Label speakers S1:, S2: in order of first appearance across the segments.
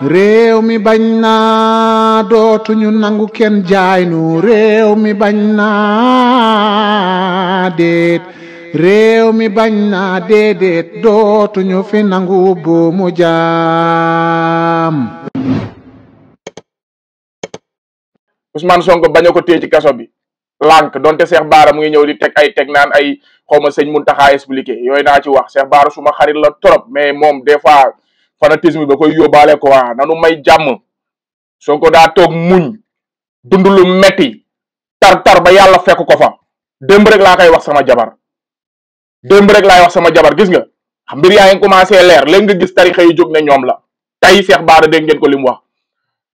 S1: réew mi bañ naa dootuñu nangu kenn jaaynu nu réew mi bañ naa déet réew mi bañ naa déedéet dootuñu fi nangu buumu jaam. Ousmane Sonko bañ a ko téye ci kaso bi lànk donte Cheikh Baara mu ngi ñëw di teg ay teg naan ay xaw ma sëñ Mountakha expliqué yooyu naa ci wax Cheikh Baara suma xarit la trop mais moom des fois. fanatisme da koy ko quoi nanu may jàmm Sonko daa toog muñ dund lu metti tar tar ba yàlla fekk ko fa démb rek laa kay wax sama jabar démb rek laay wax sama jabar gis nga mbir yaa ngi commencé leer léegi nga gis tarixa yi jóg ne ñoom la tey Cheikh Baara dégg ngeen ko li mu wax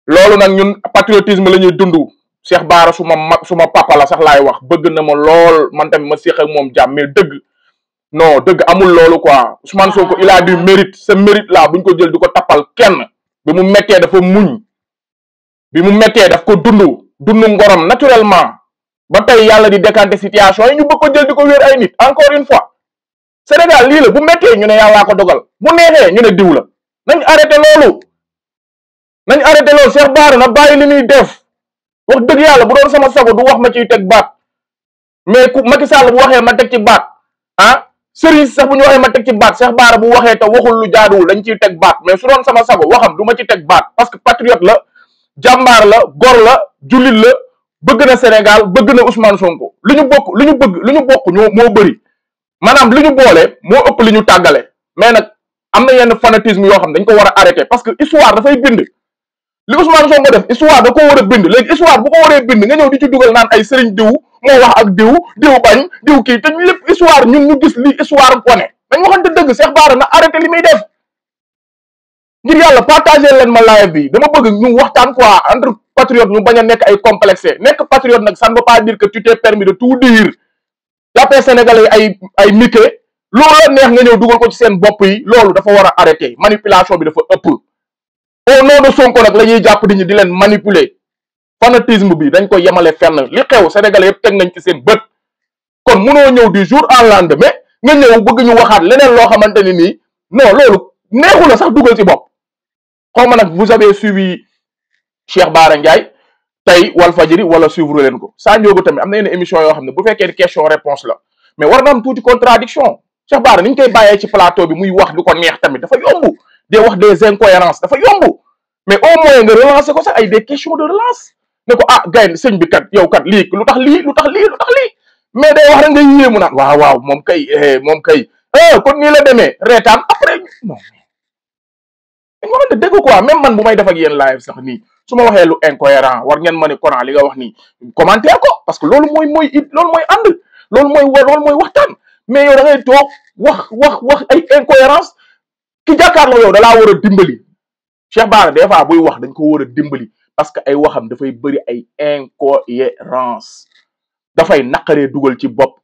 S1: loolu nag ñun patriotisme la ñuy dund Cheikh Baara su ma mag su ma papa la sax laay wax bëgg na ma lool man tamit ma séq moom jàmm mais dëgg non dëgg amul loolu ko quoi man Sonko ko a du mérite sa mérite là buñ ko jël di ko tappal kenn bi mu mettee dafa muñ bi mu mettee daf ko dund dund ngorom naturellement ba tey yàlla di dekkante situation yi ñu bëgg ko jël di ko wéer ay nit encore une fois Sénégal lii la bu mettee ñu ne yàllaa ko dogal bu neexee ñu ne diw la nañ arrêté loolu
S2: nañ arrêté loolu Cheikh Bara na bàyyi li muy def wax dëgg yàlla bu doon sama sago du wax ma ci teg baat mais ku Macky Sall bu waxee ma teg ci baat ah sëriñ
S1: sax bu ñu waxee ma teg ci baat Cheikh Bara bu waxee te waxul lu jaaduwul dañ ciy teg baat mais su doon sama sago waxam du ma ci teg baat parce que patriote la jàmbaar la gor la jullit la bëgg na Sénégal bëgg na Ousmane Sonko li ñu bokk li ñu bëgg li ñu bokk ñoo moo bëri maanaam li ñu boole moo ëpp li ñu tàggale mais nag am na yenn fanatisme yoo xam dañ ko war a arrêté parce que histoire dafay bind li Ousmane Sonko def histoire da ko war a bind léegi histoire bu nga ñëw di ci dugal naan ay sëriñ diw mo wax ak diw diw bañ diw ki te lepp histoire ñun ñu gis li histoire ko ne dañ waxon te deug Cheikh Bara na arrêté limay def ngir yalla partager len ma live bi dama bëgg ñu waxtaan quoi entre patriote ñu baña nek ay complexé nek patriote nak ça ne veut pas dire que tu t'es permis de tout dire la paix sénégalais ay ay mike loolu neex nga ñëw duggal ko ci seen bop yi loolu dafa wara arrêté manipulation bi dafa ëpp au nom de son nag la ñuy jàpp di ñu di len manipuler fanatisme bi dañ ko yamalé fenn li xew sénégalais yépp ci seen kon du jour au lendemain nga ñëw bëgg ñu waxaat leneen lo ne non lolu ne sax duggal ci bop xoma vous avez suivi Cheikh Bara tay wal fadjiri wala suivre ko sa tamit amna émission yo xamné bu question réponse la mais war na am contradiction Cheikh Bara ni koy bayé ci plateau bi muy wax dafa wax des incohérences dafa mais au moins nga relancer ko des questions de relance ne ko ah gaynde sëñ bi kat yow kat lii lu tax lii lu tax li lu mais day wax rek nga yéemu naan waaw waaw moom kay eh, moom kay eh, kon nii la demee reetaan après non dañ waxante dëgg quoi même man bu may def ak yéen live sax nii su ma waxee lu incohérent war ngeen ma ne Coran li nga wax nii commentaire ko parce que loolu mooy mooy it loolu mooy ànd loolu mooy loolu mooy waxtaan mais yow da ngay toog wax wax wax ay incohérence ki jàkkaarloo yow da laa war a dimbali Cheikh Bara des fois buy wax dañ ko war a dimbali parce que ay waxam fay beuri ay incohérence fay nakare duggal ci bop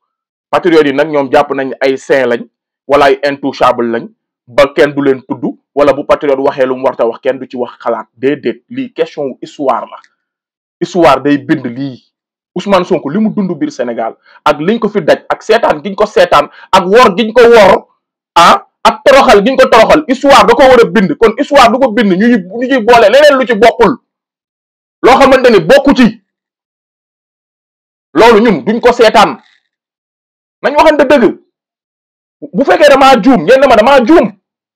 S1: patriote yi nak ñom japp nañ ay saint lañ wala ay intouchable lañ ba kenn du len tuddu wala bu patriote waxe lu mu warta wax kenn du ci wax xalaat dedet li question histoire la histoire day bind li, Ousmane Sonko li dundu bir Senegal, Sénégal ak liñ ko fi daj ak seetaan giñ ko seetaan ak wor giñ ko
S2: wor ah ak toroxal giñ ko toroxal histoire da ko wara bind kon histoire du ko bind ñu ñu bolé leneen lu ci bokul loo xamante ni bokku ci loolu ñun duñ ko seetaan nañ waxante dëgg
S1: bu fekkee damaa juum ngeen ne ma damaa juum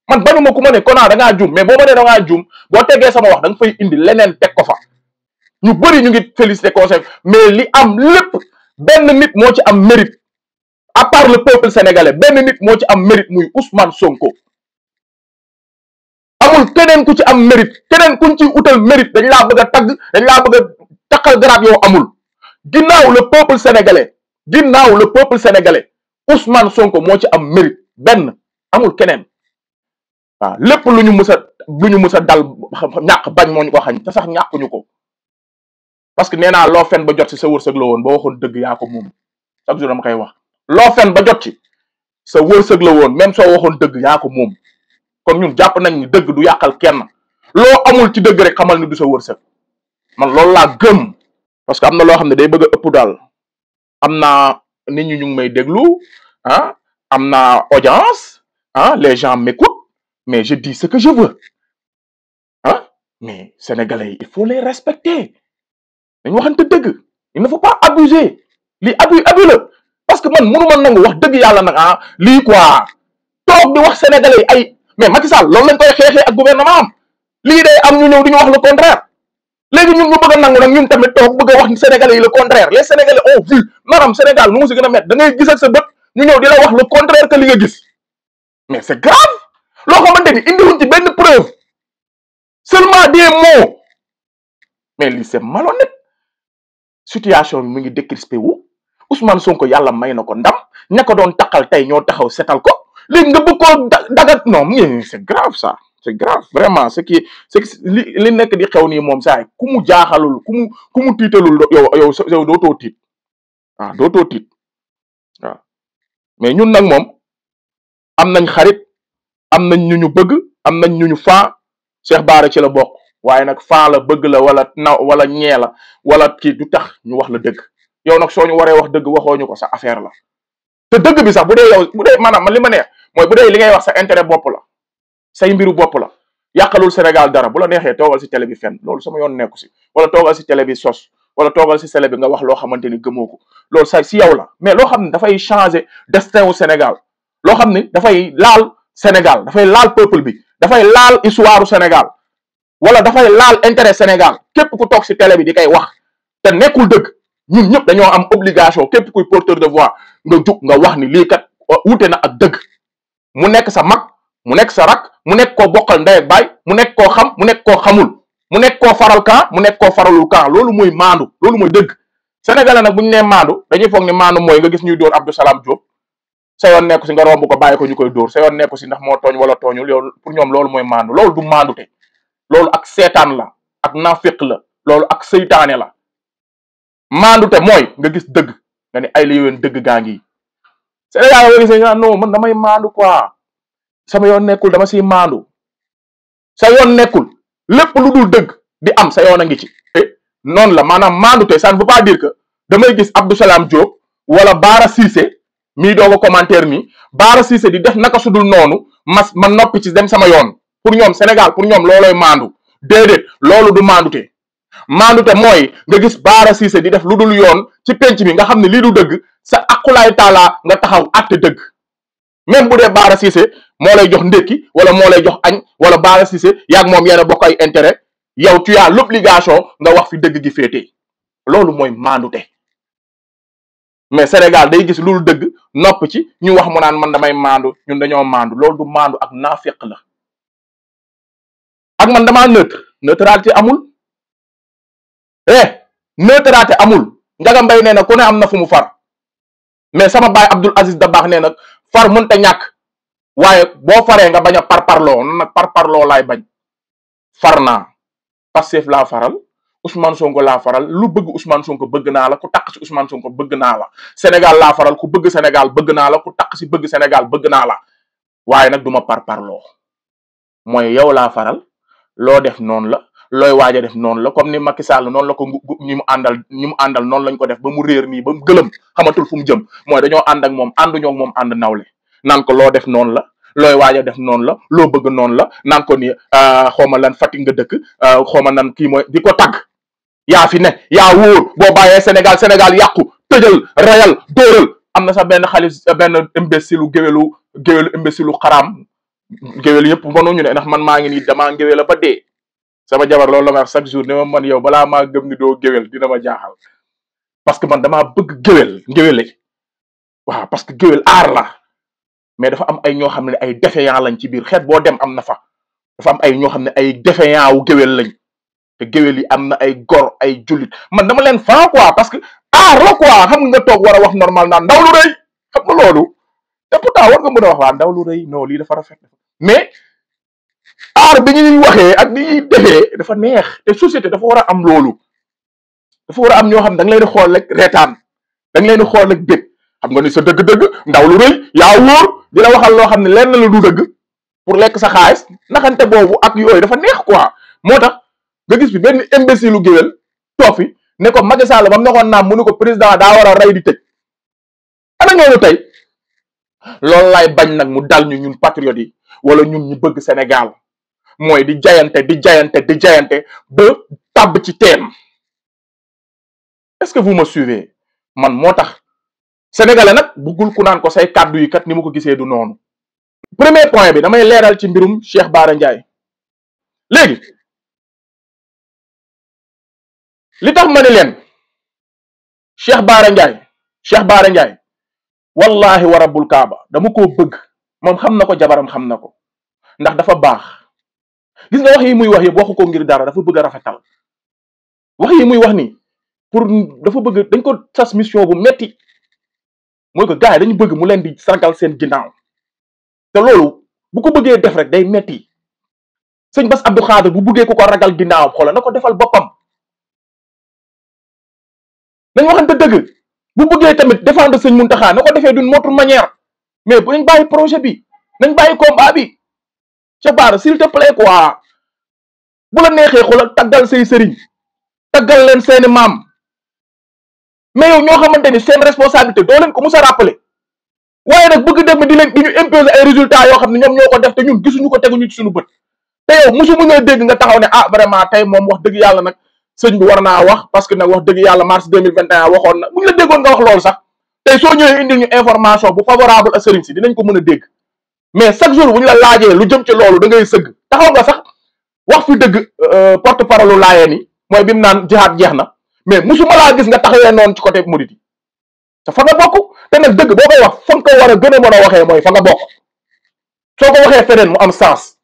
S1: man banuma ku ma ne Kona da ngaa juum mais boo ma ne juum boo tegee sama wax da nga fay indi leneen teg ko fa ñu bëri ñu ngi félicité conseil mais li am lépp benn nit moo ci am mérite a part le peuple sénégalais benn nit moo ci
S2: am mérite muy Ousmane Sonko amul keneen ku ci am mérite keneen kuñ ci utal mérite dañu laa bëgg a tagg dañ laa bëgg a takkal garaat amul
S1: ginnaaw le peuple sénégalais ginnaaw le peuple sénégalais Ousmane Sonko moo ci am mérite benn amul keneen waaw lépp lu ñu mus a lu ñu mus a dal ñàkk bañ moo ñu ko xañ te sax ñàkkuñu ko parce que nee naa loo fen ba jot ci sa wërsëg la woon ba waxoon dëgg yaa ko moom chaque jour dama koy wax loo fen ba jot ci sa wërsëg la woon même soo waxoon dëgg yaa ko moom comme ñun japp nañ ni deug du yakal kenn lo amul ci deug rek xamal ni du sa wërsëg man lool la gëm parce que amna lo loo day bëgg a ëpp daal am nit ñi ñu ngi may déglu ah amna audience ah les gens m'écoutent mais je dis ce que je veux ah mais sénégalais il faut les respecter dañ waxante deug il ne faut pas abuser li abus abus la parce que man mënu ma nang wax deug yalla nak ah lii quoi toog di wax sénégalais ay mais Macky Sall loolu lañ koy xeexee ak gouvernement am lii day am ñu ñëw di ñu wax le contraire léegi ñun ñu bëgg a nangu nag ñun tamit toog bëgg a wax sénégalais yi le contraire les sénégalais ont vu maanaam Sénégal nu mu si met da ngay gis ak sa bët ñu ñëw di la wax le contraire que li nga gis
S2: mais c'est grave loo xamante indi indiwuñ ci benn preuve seulement des mots mais lii c'est malhonnête situation mi mu
S1: ngi décrispé wu Ousmane Sonko yàlla may na ko ndam ña ko doon taqal tey ñoo taxaw setal ko. léegi nga bëgg koo dagat non mais c'est grave ça c'est grave vraiment ce qui ce qui li li nekk di xew nii moom saa yi ku mu jaaxalul ku mu ku mu tiitalul yow yow yow dootoo tiit
S2: ah dootoo mais ñun nag moom am nañ xarit am nañ ñu ñu bëgg am nañ ñu ñu faa Cheikh Bara ci la bokk
S1: waaye nag faa la bëgg la wala naw wala ñee la wala kii du tax ñu wax la dëgg yow nag soo ñu waree wax dëgg waxoo ko sa affaire la te dëgg bi sax bu dee yow bu ma neex mooy bu dee li ngay wax sa intérêt bopp la say mbiru bopp la yàqalul Sénégal dara bu la neexee toogal si télé bi fenn loolu sama yoon nekku si wala toogal si télé bi sos wala toogal si télé bi nga wax loo xamante ni gëmoo ko loolu sa si yow la mais loo xam ne dafay changer destin wu Sénégal loo xam ne dafay laal Sénégal dafay laal peuple bi dafay laal histoire Sénégal wala dafay laal intérêt Sénégal képp ku toog si télé bi di koy wax te nekkul dëgg ñun ñëpp dañoo am obligation képp kuy porteur de voix nga jug nga wax ni lii kat wuute na ak dëgg mu nekk sa mag mu nekk sa rak mu nekk koo bokkal ndey ak baay mu nekk koo xam mu nekk koo xamul mu nekk koo faral kaam mu nekk koo faralul kan loolu mooy maandu loolu mooy dëgg sénégalais nag bu ñu nee maandu dañuy foog ne maandu mooy nga gis ñuy dóor Abdou Salam Diop sa yoon nekku si nga romb ko bàyyi ko ñu koy dóor sa yoon nekku si ndax moo tooñ wala tooñul yow pour ñoom loolu mooy maandu loolu du maandu te loolu ak seetaan la ak nafiq la loolu ak seytaane la maandu te mooy nga gis dëgg nga ne ay dëgg gaa ngi Sénégal boo gisee ñu naan non man damay maandu quoi sama yoon nekkul dama si maandu sa yoon nekkul lépp lu dul dëgg di am sa yoon a ngi ci te eh, noonu la maanaam maandu te ça ne pas dire que damay gis Abdou Salam wala Baara Cissé mii doog a commentaire nii Baara Cissé di def naka sudul noonu mas ma noppi ci dem sama yoon pour ñoom Sénégal pour ñoom loolooy maandu déedéet loolu du maandu te maandu te mooy nga gis Baara Cissé di def lu dul yoon ci penc mi nga xam ne lii du dëgg xulaay taalaa nga taxaw àtte dëgg même bu dee Baara Cissé moo lay jox ndékki wala moo lay jox añ wala Baara Cissé yaag moom yéen a bokk ay intérêt yow tu as l'obligation nga wax fi dëgg gi féete loolu mooy maandute mais Sénégal day gis loolu dëgg nopp ci ñu wax mu naan man damay maandu ñun dañoo maandu lool du maandu ak naafeq la ak man damaa neutre neutralité amul eh neutralité amul Ndiaga mbay nee na ku ne am na fu mu far mais sama bay Abdul Aziz bax nenek, nak far ta ñak waye bo faré nga par parlo nak par parlo lay bañ farna, naa Pastef la faral Ousmane Sonko la faral lu bëgg Ousmane Sonko bëgg na la ku takk ci Ousmane Sonko bëgg na la Sénégal la faral ku bëgg Sénégal bëgg na la ku takk ci bëgg Sénégal bëgg na la waye nak duma parlo moy yow la faral lo def non la looy waaja def noonu la comme ni Macky Sall noonu la ko ñi mu àndal ñi mu àndal noonu lañ ko def ba mu réer nii ba mu gëlëm xamatul fu mu jëm mooy dañoo ànd ak moom ànduñoo ak moom ànd nawle naan ko loo def noonu la looy waaja a def noonu la loo bëgg noonu la naan ko ni ah, xooma lan Fatick nga dëkk ah, xooma nan kii mooy di ko tàgg yaa fi ne yaa wóor boo bàyyee Sénégal Sénégal yàqu tëjal rayal dóoral am na sax benn xaalis benn imbécilu géwélu géwélu imbécilu xaraam géwél yëpp mënuñu ne ndax man maa ngi nii damaa géwél la ba dee sama jabar loolu la ma wax chaque ne ma man yow maa gëm ni doo géwél dina ma jaaxal parce que man dama bëgg géwél ngéwéle waaw parce que géwél aar la mais dafa am ay ñoo xam ne ay défaillant lañ ci biir xeet boo dem am na fa dafa am ay ñoo xam ne ay défaillant wu géwél lañ te géwél yi am na ay gor ay julit man dama leen fan quoi parce que aar la quoi xam nga toog war a wax normal naan ndaw lu rëy xam nga loolu te pourtant war nga mën a wax waa ndaw lu rëy lii dafa rafet mais aar bi ñuy waxee ak bi ñuy defee dafa neex te société dafa war a am loolu dafa war a am ñoo xam ne nga leen di xool rek reetaan da nga leen xool rek bég xam nga ni sa dëgg-dëgg ndaw lu rëy yaa wóor di la waxal loo xam ne lenn la du dëgg pour lekk sa xaalis naxante boobu ak yooyu dafa neex quoi moo tax nga gis bi benn imbécile lu géwél toog fi nekko ko Macky bam ba mu nekkoon naam mu ko président daa war a rey di tëj ana ñooñu tey loolu laay bañ nag mu dal ñu ñun patriotes yi wala ñun ñu bëgg Sénégal mooy di jayante di jaayante di jayante ba tàbb ci teen est-ce que vous ma suivez man moo tax sénégalais nag buggul ku naan ko say kàddu yi kat ni mu ko gisee du noonu.
S2: premier point bi damay leeral ci mbirum Cheikh Bara Ndiaye léegi li tax ma leen Cheikh Bara Ndiaye Cheikh Bara Ndiaye wallahi wa rabbul kaaba dama ko bëgg
S1: moom xam na ko jabaram xam na ko ndax dafa baax. gis na wax yi muy wax yëpp waxu ko ngir dara dafa bëgg a rafetal wax yi muy wax ni pour dafa bëgg dañ ko sas mission bu metti mooy ko gars yi dañu bëgg mu leen di sargal seen ginnaaw
S2: te loolu bu ko bëggee def rek day metti sëñ Bass Abdou Khadre bu bëggee ko ko ragal ginnaawam xoola na ko defal boppam dañ waxante dëgg
S1: bu bëggee tamit défendre sëñ Mountakha na ko defee du autre manière mais bu nañ bàyyi projet bi
S2: nañ bàyyi combat bi ca baara s'il te plaît quoi bu la neexee xoolal taggal say sëriñ taggal leen seeni maam mais yow
S1: ñoo xamante ni seen responsabilité doo leen ko mus a rappeler waaye nag bëgg yoo xam ne ñoom ñoo ko def te ñun gisuñu ko teguñu ci suñu bët te yow mosu mu ñoo dégg nga taxaw ne ah vraiment tey moom wax dëgg yàlla nag sëñ bi war naa wax parce que nag wax dëgg yàlla mars deux mille vingt et waxoon na bu ñu la déggoon nga wax loolu sax tey soo ñëwee indil ñu information bu favorable à sëriñ si dinañ ko mën a dégg mais chaque jour bu ñu la laajee lu jëm ci loolu da ngay sëgg taxaw nga sax wax fi dëgg euh, porte parole lu laayeen yi mooy bi mu naan jihaat jeex na mais musuma laa gis nga taxawee noonu ci côté murit te fa nga bokk te nag dëgg boo koy wax fa nga ko war a gën waxee mooy fa nga bokk soo ko waxee feneen mu am sens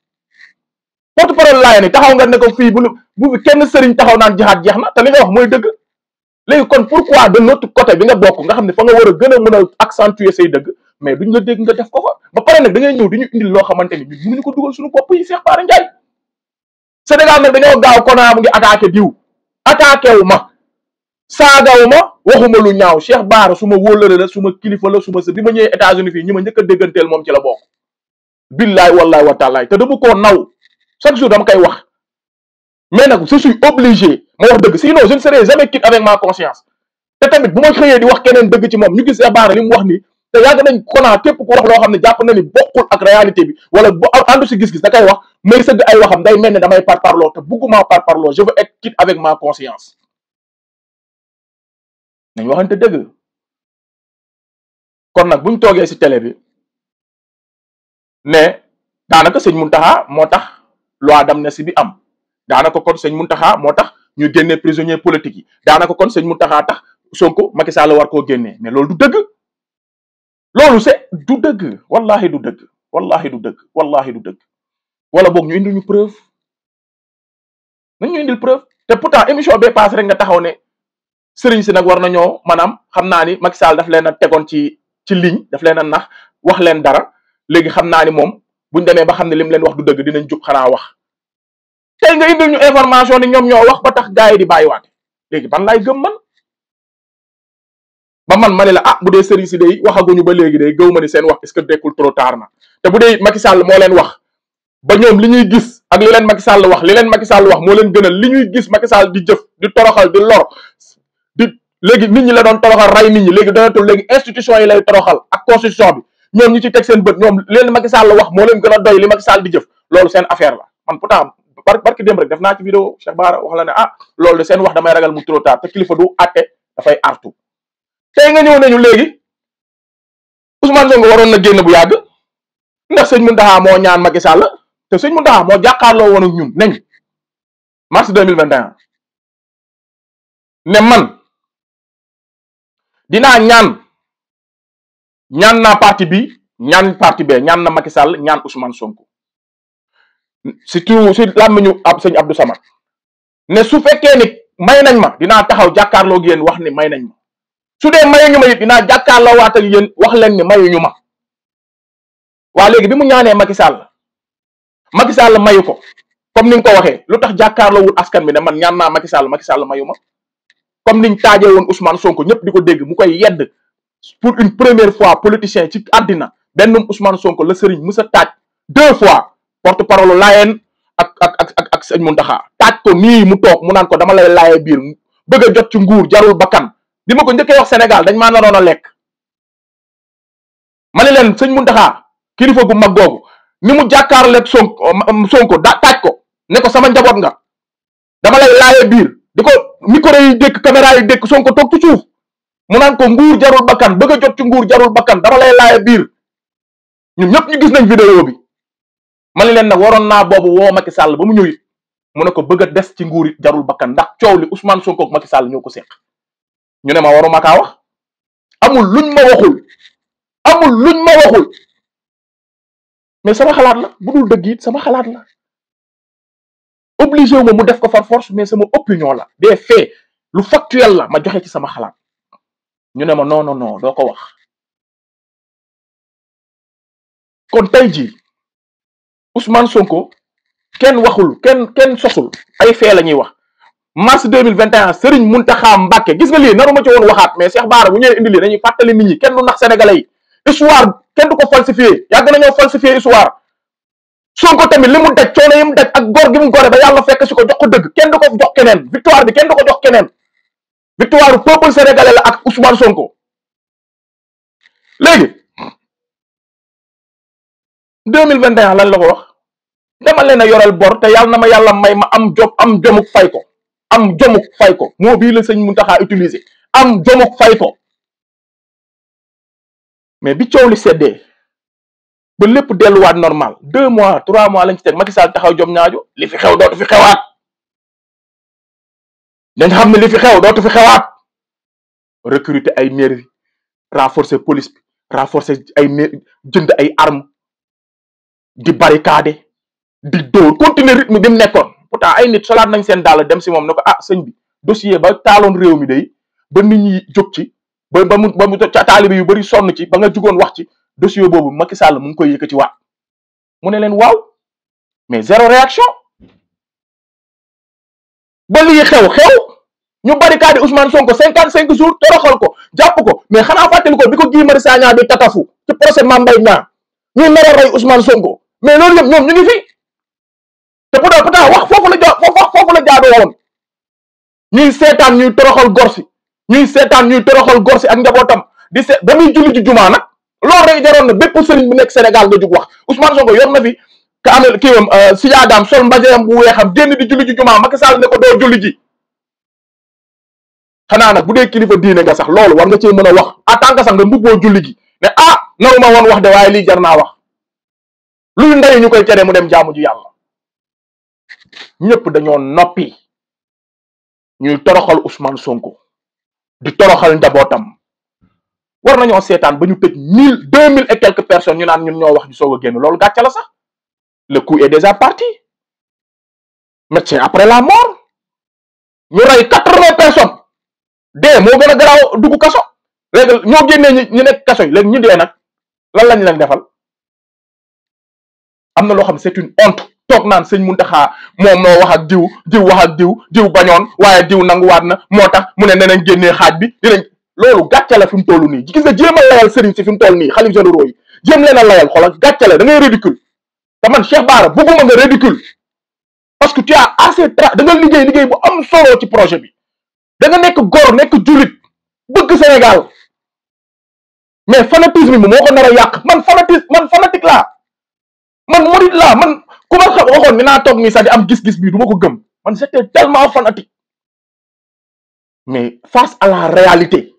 S1: porte parole laayeen yi taxaw nga ne ko fii bu bu kenn sëriñ taxaw naan jihaat jeex na li nga wax mooy dëgg léegi kon pourquoi de côté bi nga bokk nga xam ne fa nga war a gën a mën a accentuer say dëgg mais duñ la dégg nga def ko fa ba pare nag da ngay ñëw di ñu indil loo xamante ni ñun mënuñu ko dugal suñu ko yi Cheikh Bara Ndiaye Sénégal nag dañoo gaaw Kona mu ngi attaqué diw attaqué wu ma saagawu ma waxuma lu ñaaw Cheikh Bara su ma wóolare la su ma kilifa la su bi ma ñëwee États-Unis fii ñi ma njëkk a moom ci la bokk billaay wallaay wa taalaay te dama koo naw chaque jour dama koy wax mais nag je suis obligé ma wax dëgg sinon je ne serai wax keneen dëgg ci moom ñu gis Cheikh Bara mu wax ni te yàgg nañ konaa képp ku wax loo xam ne jàpp na ni bokkul ak réalité bi wala bu àndu si gis-gis da koy wax may sëgg ay waxam day mel ne damay par parloo te bugguma
S2: par parloo je veux être quitte avec ma conscience nañ waxante dëgg kon nag buñ toogee si télé bi ne daanaka sëñ Muntaxa moo tax loi si bi am daanaka
S1: kon mun Muntaxa moo tax ñu génnee prisonnier politique yi daanaka kon sëñ Muntaxa tax Sonko Macky Sall war koo génnee mais loolu dëgg loolu se du dëgg wallahi du dëgg wallahi du dëgg wallahi du dëgg wala boog ñu indil ñu preuve nañ ñu indil preuve te pourtant émission bee paase rek nga taxaw ne sëriñ si nag war nañoo maanaam xam naa ni Macky Sall daf leen a tegoon ci ci ligne daf leen a nax wax leen dara léegi xam naa ni moom buñ demee ba xam ne lim leen wax du dëgg dinañ jub xanaa wax. tey nga indil ñu information ni ñoom ñoo wax ba tax gars yi di bàyyiwaat léegi ban laay gëm man ba man ma ne la ah bu dee sëriñ si a waxaguñu ba léegi day gëw ma ni seen wax est que dekkul trop na te bu dee Macky Sall moo leen wax ba ñoom li ñuy gis ak li leen Macky Sall wax li leen Macky Sall wax moo leen gënal li ñuy gis Macky Sall di jëf di toroxal di lor di la doon toroxal rey ñi léegi donatul léegi institution yi lay toroxal ak constitution bi ñoom ñi ci teg seen bët ñoom leen Macky Sall wax moo leen gën a doy li Macky Sall di jëf loolu seen affaire la man pourtant bar barki dem rek def naa ci vidéo Cheikh Bara wax la ne ah wax damay ragal mu trop tard te kilifa du àtte dafay artu
S2: tey nga ñëw nañu léegi Ousmane Sonko waron na génn bu yàgg ndax seigne Mountakha mo ñaan Macky Sall te seigne Mountakha mo jàkkaarloo won ak ñun nañ mars 2021 ne man dina ñaan ñaan na parti bi ñaan parti bee ñaan na
S1: Macky Sall ñaan Ousmane Sonko tu si lamiñu ab seigne Abdou Samad ne su fekkee ni may nañ ma dina taxaw jakarlo ak wax ni may nañ ma sude dee ñuma ma dina dinaa la wat ak yeen wax leen ni mayuñu ñuma wa legi bi mu ñaanee Macky Sall Macky Sall mayu ko comme niñ ko waxee lutax tax la wul askan bi ne man ñaan na Macky Sall Macky Sall mayu ma comme niñ taajee won Ousmane Sonko ñëpp diko ko dégg mu koy yedd pour une première fois politicien ci àddina benn Ousmane Sonko le serigne musa taaj deux fois porte parole la haine ak ak ak ak serigne Mountakha taaj ko ni mu tok mu nan ko dama lay laye bir bëgg jot ci nguur jarul bakam bi ma ko njëkkee wax Sénégal dañ maa naroon a lekk ma ne leen sëñ Mountakha kilifa gu mag googu ni mu jàkkaarloog Sonko Sonko da taaj ko ne ko sama njaboot nga dama lay laajee biir di ko micro yi dékk caméra yi dékk Sonko toog ci suuf mu naan ko nguur jarul bakkan bëgg jot ci nguur jarul bakkan dama lay laajee biir ñun ñëpp ñu gis nañ vidéo bi ma ne leen nag waroon naa boobu woo Macky Sall ba mu ñëwi it mu ne ko bëgg a des ci nguur jarul bakkan ndax coow li Ousmane Sonko ak Macky Sall ko seq. ñu ne ma waruma kaa wax
S2: amul luñ ma waxul amul luñ ma waxul mais sama xalaat la bu dul sama xalaat la obligé wu mu def ko par force mais sama opinion la des faits lu factuel la ma joxe ci sama xalaat ñu ne ma non non non doo ko wax kon tey jii Ousmane Sonko kenn waxul kenn kenn sosul ay
S1: faits la ñuy wax. mars 2021 Serigne Mountakha Mbacké gis nga lii naruma ci woon waxaat mais Cheikh Bara bu ñëwee indi lii dañuy fàttali nit ñi kenn du nax sénégalais yi histoire kenn du ko falsifié yàgg nañoo falsifié histoire Sonko tamit li mu daj coono yi mu daj ak góor gi mu gore ba yàlla fekk si ko jox ko dëgg
S2: kenn du ko jox keneen victoire bi kenn du ko jox keneen victoire du peuple sénégalais la ak Ousmane Sonko léegi 2021 lan la ko wax dama leen a yoral bor te yàlla na ma yàlla may ma am job am jomuk fay ko am jomuk fay ko moo bii la sëñ Muntaxa utiliser am jomuk fay ko mais bi coow li seddee ba lépp delluwaat normal deux mois trois mois lañ ci teg Macky taxaw jom ñaajo li fi xew dootu fi xewaat nañ xam ne li fi xew dootu fi xewaat recruter ay nervi renforcer police bi renforcer ay jënd ay armes
S1: di barricade di dóor continuer rythme bi mu nekkoon pourtant ay nit solaat nañ seen daal dàll dem si moom ne ko ah sëñ bi dossier ba taaloon réew mi day ba nit ñi jóg ci ba ba mu ba mu taalibe yu bëri sonn ci ba nga jugoon wax ci dossier boobu Macky Sall mu ngi koy yëkkati waat
S2: mu ne leen waaw mais zéro réaction ba lii xew xew ñu barricade Ousmane Sonko cinquante cinq jours toroxal ko
S1: jàpp ko mais xanaa fàttali ko bi ko Guy Marius Sagna bi tatafu ci procès Mame Mbaye Niang ñuy a rey Ousmane Sonko mais loolu yëpp ñoom te pourtant pourtant wax foofu la ja wax foofu la jaadu woon ñuy seetaan ñuy toroxal gorsi ñuy seetaan ñuy toroxal gorsi ak njabootam di se ba muy julli ci jumaa nag loolu rek jaroon na bépp sëriñ bu nekk Sénégal nga jug wax Ousmane Sonko yor na fi ka amel kiiwam euh, sijaadaam sol mbajeyam bu weexam génn di julli ji jumaa Macky Sall ne ko doo julli ji xanaa nag bu dee kilifa diine nga sax lool war nga cee mën a wax en tant que sax nga mbubboo julli gi ne ah naruma woon wax naa wax luy ndey ñu koy tere mu dem jaamu ji yàlla ñepp dañoo noppi ñuy toroxal Ousmane Sonko di toroxal njabootam war nañoo sétane bañu ñu 1000 2000 et quelques personnes ñu naan ñun ñoo wax ñu soog genn
S2: lolu gatcha la sax le coup est déjà parti c'est après la mort ñu ray 80 personnes dé mo gëna graw duggu kasso kaso ñoo ñi ñu nekk kaso yi ñu lan lañ lañ defal
S1: amna lo xam c'est une honte toog naan sëñ Muntaxa moom moo wax ak diw diw wax ak diw diw bañoon waaye diw waat na moo tax mu ne danañ génnee xaaj bi dinañ loolu gàcce la fi mu toll nii gis nga jéem a layal sëriñ si fi mu toll nii xalif généraux yi jéem leen a layal xoolal gàcce la da ngay ridicule te man Cheikh Bara bëgguma nga ridicule parce que tu as assez tra da
S2: liggéey liggéey bu am solo ci projet bi danga nekk góor nekk jullit bëgg Sénégal mais fanatisme bi moo ko yàq man fanatisme man laa ku ma xam waxoon ni naa toog nii sax di am gis-gis bii du ma ko gëm man j'étais tellement fanatique mais face à la réalité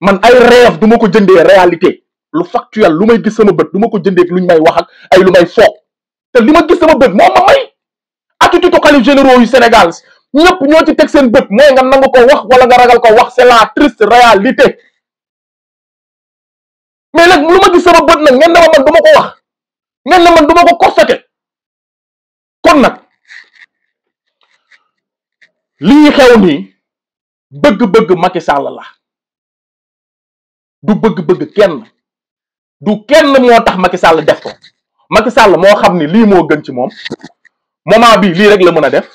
S1: man ay rêve du ma ko jënde réalité lu factuel lu may gis sama bët du ma ko jënde lu ñu may wax ak ay lu may foog te li ma gis sama bët moo ma may attitude u xalif généraux yu Sénégal
S2: ñëpp ñoo ci teg seen bët mooy nga nangu ko wax wala nga ragal ko wax c'est la triste réalité mais nag lu ma gis sama bët na ngeen ne ma man du ma ko wax ngeen kon nag lii xew ni bëgg-bëgg Macky Sall la du bëgg-bëgg kenn du kenn mo tax Macky Sall def ko
S1: Macky Sall mo xamni li mo gën ci mom moment bi li rek la mëna def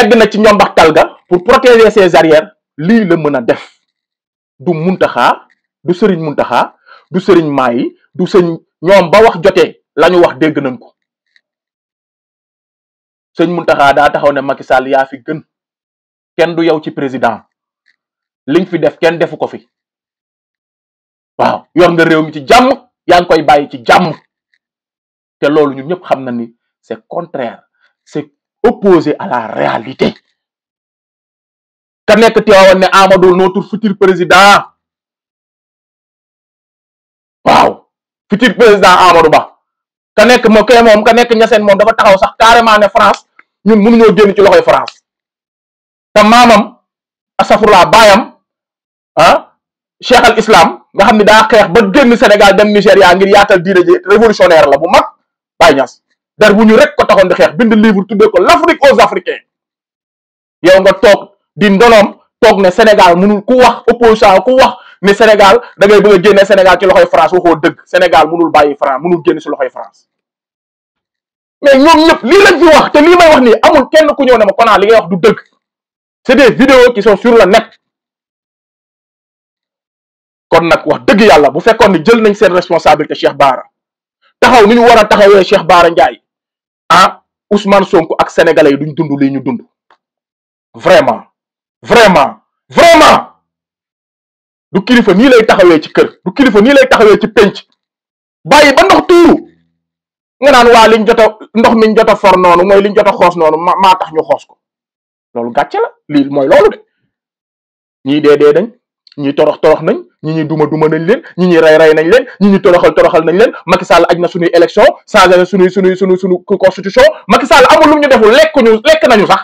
S1: egg na ci bax talga pour protéger ses arrières li la mëna def du muntaha du serigne muntaha du serigne mayi du serigne ñom ba wax joté la wax dégg nañ ko sëñ Mountakha daa taxaw ne Macky Sall yaa fi du yow ci président liñ fi def kenn defu ko fi waaw yor nga réew mi ci jàmm yaa ngi koy bàyyi ci jàmm te loolu ñun ñëpp xam na ni c'est contraire c'est opposé à la
S2: réalité ka nekk teewoon ne Amadou notre futur président waaw futur président Amadou Ba ka nek mo kee mom ka nek ñassene mom dafa taxaw sax carrément né France ñun ñoo génn ci
S1: loxoy France ta mamam asafurlaa bayam ah cheikh al islam nga xamni da xex ba génn Sénégal dem Nigeria ngir yaatal diiné ji révolutionnaire la bu mag bay ñass dar bu ñu rek ko taxon di xex bind livre tuddé ko l'Afrique aux Africains yow nga tok di ndolom tok ne Sénégal mënu ku wax opposition ku wax ne Sénégal da ngay bëgg a génne Sénégal ci loxoy France waxoo dëgg Sénégal mënul bàyyi France mënul génn ci
S2: loxoy France mais ñoom ñëpp lii lañ fi wax te lii may wax nii amul kenn ku ñëw ne ma konaa li ngay wax du dëgg c'est des vidéos qui sont sur le net kon nag wax dëgg yàlla bu fekkoon ni jël nañ seen responsabilité Cheikh Bara
S1: taxaw ni ñu war a taxawee Cheikh Bara Ndiaye ah Ousmane Sonko ak sénégalais yi dund lii ñu dund
S2: vraiment vraiment vraiment du kilifa nii lay taxawee ci kër du kilifa nii lay taxawee ci penc bàyyi ba ndox tuuru
S1: nga naan waa liñ jot ndox miñ jot for noonu mooy liñ jot a xoos noonu ma maa tax ñu xoos ko loolu gàcce la lii mooy loolu de ñii dee dee dañ ñii torox torox nañ ñi ñi duma duma nañ leen ñi ñi rey rey nañ leen ñi ñi toroxal toroxal nañ leen Macky Sall aj na suñuy élection changé na suñuy suñuy suñu suñu constitution Macky Sall amul lu ñu deful lekk ñu lekk nañu sax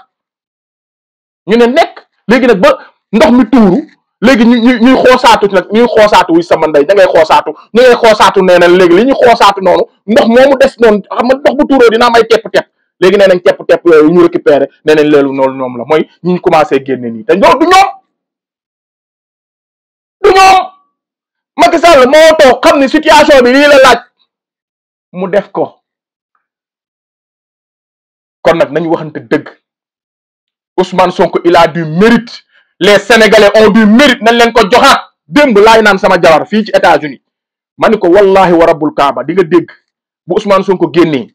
S1: ñu ne nekk léegi nag ba ndox mi tuuru léegi ñu ñu ñuy xoosaatu nag ñuy xoosaatu wuy sama ndey da ngay xoosaatu ñu ngay nee na léegi li ñu xoosaatu noonu ndox moomu des noonu xam nga ndox bu tuuroo dina am ay tepp-tepp léegi nee nañ tepp-tepp yooyu ñu récupéré nee nañ leelu noonu ñoom la mooy ñu commencé génne nii te loolu du ñoom
S2: du ñoom Macky moo toog xam ne situation bi lii la laaj mu def ko kon nag nañu waxante dëgg Ousmane Sonko il a du mérite les sénégalais ont du mérite nañ leen ko joxaat
S1: démb laay naan sama jabar fii ci États-Unis ma ni ko wallahi wa rabbul kaaba di nga dégg bu Ousmane ko génnee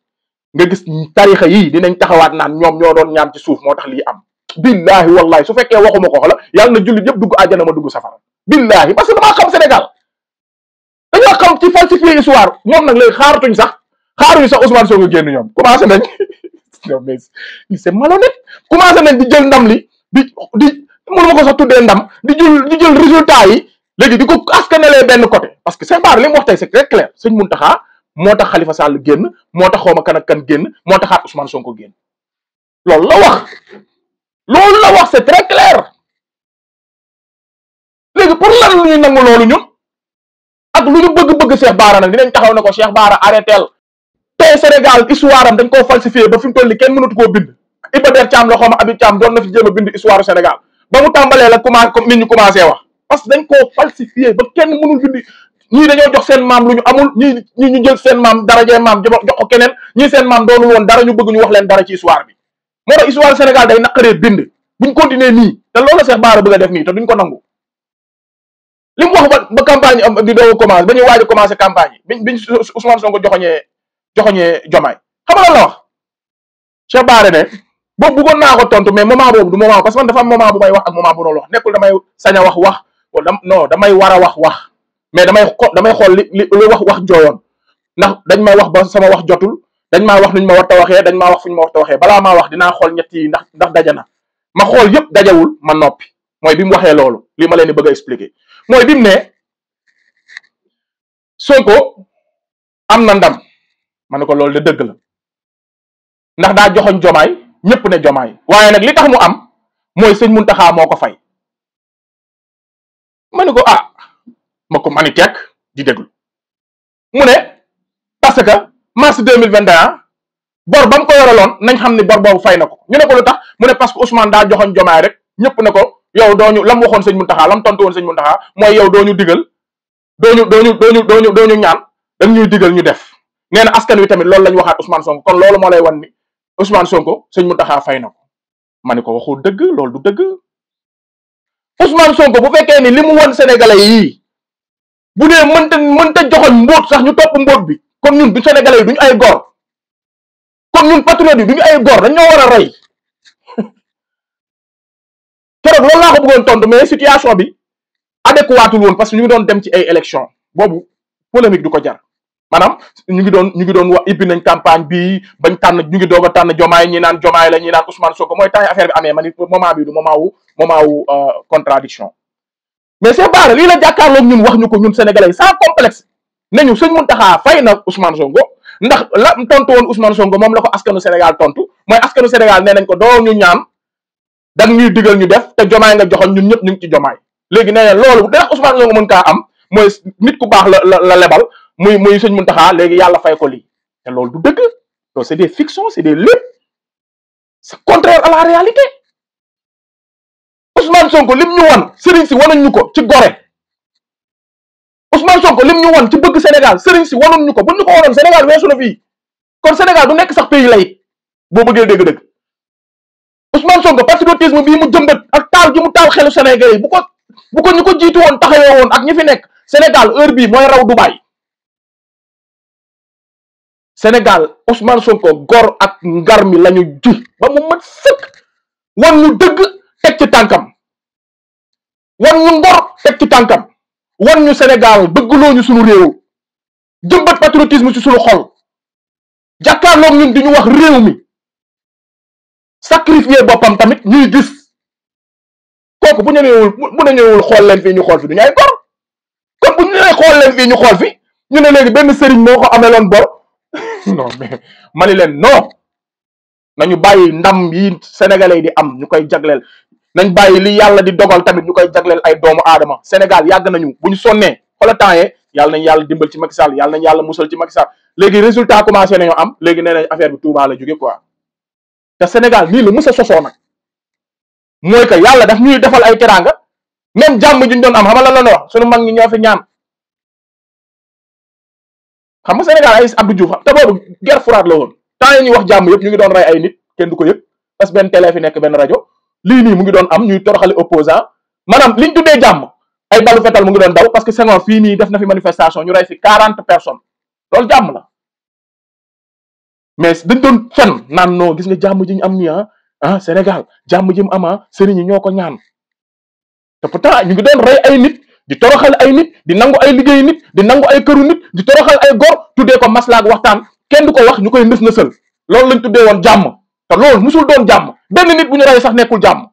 S1: nga gis tarixa yii dinañ taxawaat naan ñoom ñoo doon ñaam ci suuf moo tax lii am billahi wallahi su fekkee waxuma ko xola yàlla na jullit yëpp dugg àjjana ma dugg safara billahi parce que damaa xam Sénégal dañoo xam ci falsifier histoire moom nag léegi xaaratuñ sax xaaruñu sax Ousmane Sonko génn ñoom commencé nañ c'est malhonnête commencé nañ di jël ndam li di di mënuma ko sax tuddé ndam di jël di jël résultat yi légui diko askanalé askanalee côté parce que c'est Bara li mu wax tay c'est très clair seigne Mountakha moo tax Khalifa Sall génn moo tax xawma kan ak kan génn moo taxaat Ousmane Sonko génn loolu la wax
S2: loolu la wax c'est très clair légui pour lan lu ñu nangu loolu ñun ak luñu bëgg-bëgg Cheikh Bara nak dinañ taxaw nako Cheikh Bara arrêtel
S1: tey Sénégal histoire am dañ ko falsifier ba fim tolli kenn mënatu ko bind Iba cham Thiam la xawma Habib doon na fi jéem bind histoire Sénégal ba mu tàmbalee la commencé comme nit ñu commencé wax parce que dañ koo falsifié ba kenn mënul bindi ñii dañoo jox seen maam lu ñu amul ñii ñii ñu jël seen maam darajee maam jox ko keneen ñii seen maam doonul woon dara ñu bëgg ñu wax leen dara ci histoire bi moo tax histoire Sénégal day naqaree bind buñ continuer nii te loolu la Cheikh Bara a def nii te duñ ko nangu li mu wax ba ba campagne am di doog a commencé ba ñuy waaj a commencé campagne bi biñ Ousmane Sonko joxoñee joxoñee Jomaay xam nga la wax Cheikh Bara ne boobu bëggoon naa ko tontu mais a boobu du moment parce que man dafa am moment bu may wax ak moment bu doon wax nekkul damay a wax wax wala non damay war a wax wax mais damay damay xool li li wax wax joowoon ndax dañ ma wax ba sama wax jotul dañ maa wax nuñ ma war waxee dañ maa wax ma war waxee balaa maa dinaa xool ñett ndax ndax daja na ma xool yëpp dajawul ma noppi mooy bi mu waxee loolu li ma leen di bëgg
S2: mooy bi mu ne Sonko am na ndam ma ne ko loolu de dëgg la ndax daa joxoñ jomaay ñëpp ne jomaay waaye nag li tax mu am mooy sëñ Muntaxa moo ko fay ma ne ko ah ma ko mani tekk di déglu mu ne parce que
S1: mars deux mille vingt et un bor ba mu nañ xam ni bor boobu fay na ko ñu ne ko lu tax mu ne parce que Ousmane daa joxoon jomaay rek ñëpp ne ko yow dooñu lam waxoon sëñ Muntaxa lam tontu woon sëñ Muntaxa mooy yow dooñu digal dooñu dooñu dooñu dooñu dooñu ñaan dañ ñuy digal ñu def nee na askan wi tamit loolu lañ waxaat Ousmane Sonko kon moo lay wan ni Ousmane Sonko sëñ Mountakha fay na ko ma ne ko dëgg loolu du dëgg Ousmane Sonko bu fekkee ni li mu won
S2: yi bu dee mënta mënta joxoñ mbóot sax ñu topp mbóot bi kon ñun du sénégalais yi duñu ay góor kon ñun patriote yi duñu ay góor dañ ñoo war a roy keroog loolu laa ko bëggoon tontu mais situation bi a adéquatul
S1: woon parce que ñu ngi doon dem ci ay élection boobu polémique du ko jar maanaam ñu ngi doon ñu ngi doon wax ibbi nañ campagne bi bañ tànn ñu ngi doog tànn jomaay ñi naan naan Ousmane Sonko mooy tax affaire bi amee man moment bi du moment wu moment wu euh, contradiction mais c'est barre lii la jàkkaarloog wax ñu ko ñun sénégalais yi sans complexe nañu sëñ Mountakha fay na Ousmane Sonko ndax la tontu woon Ousmane Sonko moom la ko askanu Sénégal tontu mooy askanu Sénégal nee nañ ko doo ñu ñaan dag ñuy digal ñu def te jomaay nga joxoon ñun ñëpp ñu ngi ci jomaay léegi nee na loolu darax Ousmane Sonko mën kaa am mooy nit ku baax la la lebal muy muy sëñ Muntaxa léegi yàlla fay ko li
S2: te loolu du dëgg loolu c'est des fictions c'est des lépp c'est contraire à la réalité Ousmane Sonko lim ñu won sëriñ si wanañ ñu ko ci gore Ousmane Sonko lim ñu won ci bëgg Sénégal sëriñ si wanoon ñu ko buñ ñu ko wanoon Sénégal weesu na fii kon Sénégal du nekk sax pays lay boo bëggee dégg-dëgg Ousmane Sonko patriotisme bii mu jëmbat ak taal gi mu taal xelu Sénégalais bu ko bu ko ñu ko jiitu woon taxawee woon ak ñi fi nekk Sénégal heure bii mooy raw Dubaï. Senegal, Ousmane Sonko gor ak ngarmi lañu ji ba mu mat sëkk won ñu dëgg tek ci tankam won ñu ngor tek ci tankam won ñu Sénégal bëggloo ñu suñu réew jëmbat patriotisme ci suñu xol jàkkaarloog ñun diñu wax réew mi sacrifier bopam tamit ñuy gis kok bu ñëwul bu ñëwul xol leen fi ñu xol fi du gor
S1: kon bu ñëwé xol leen fi ñu xol fi ñu né léegi benn sëriñ moko amé lon bor non mais ma ni leen non nañu bàyyi ndam yi sénégalais di am ñu koy jagleel nañ bàyyi li yàlla di dogal tamit ñu koy jagleel ay doomu aadama Sénégal yàgg nañu bu ñu sonnee xoola temps yee yàlla nañ yàlla dimbal ci Macky Sall yàlla nañ yàlla musal ci Macky Sall léegi résultat commencé nañoo am léegi nee nañ affaire bi Touba la jóge quoi te Sénégal nii la mës a sosoo nag
S2: mooy que yàlla daf ñuy defal ay teraanga même jàmm juñ doon am a la la wax sunu mag ñi xam nga Sénégal ay Abdou Diouf te boobu guerre froide la woon temps yi ñuy wax jàmm yëpp ñu ngi doon rey ay nit kenn du ko yëg parce que benn télé fi benn
S1: rajo lii nii ngi doon am ñuy toroxali opposant maanaam liñ tuddee jàmm ay balu fetal mu ngi doon daw parce que Senghor fii nii def na fi manifestation ñu rey fi quarante personnes loolu jàmm la mais dañ doon fen naan non gis nga jàmm ji ñu am nii ah ah Sénégal jàmm ji mu am ah yi ñoo ko ñaan te di toroxal ay nit di nangu ay liggéey nit di nangu ay këru nit di toroxal ay góor tuddee ko maslaak waxtaan kenn du ko wax ñu koy nës nësal loolu lañ tuddee woon jàmm te loolu musul doon jàmm benn nit bu ñu rey sax nekkul jàmm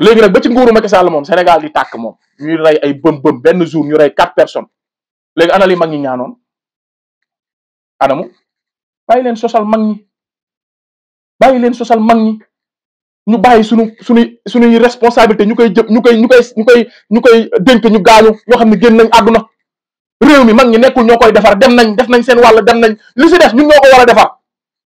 S1: léegi nag ba ci nguuru Macky Sall moom Sénégal di tàkk moom ñuy rey ay bëm bëm benn jour ñu rey quatre personnes léegi ana li mag ñi ñaanoon anamu bàyyi leen sosal mag ñi bàyyi leen sosal mag ñi ñu bàyyi sunu suñuy suñuy responsabilité ñu koy jë ñu koy ñu koy ñu koy ñu koy
S2: dénk ñu gaañu ñoo xam ne génn nañ àdduna réew mi mag ñi nekkul ñoo koy defar dem nañ def nañ seen wàll dem nañ li si def ñun ñoo ko war a defar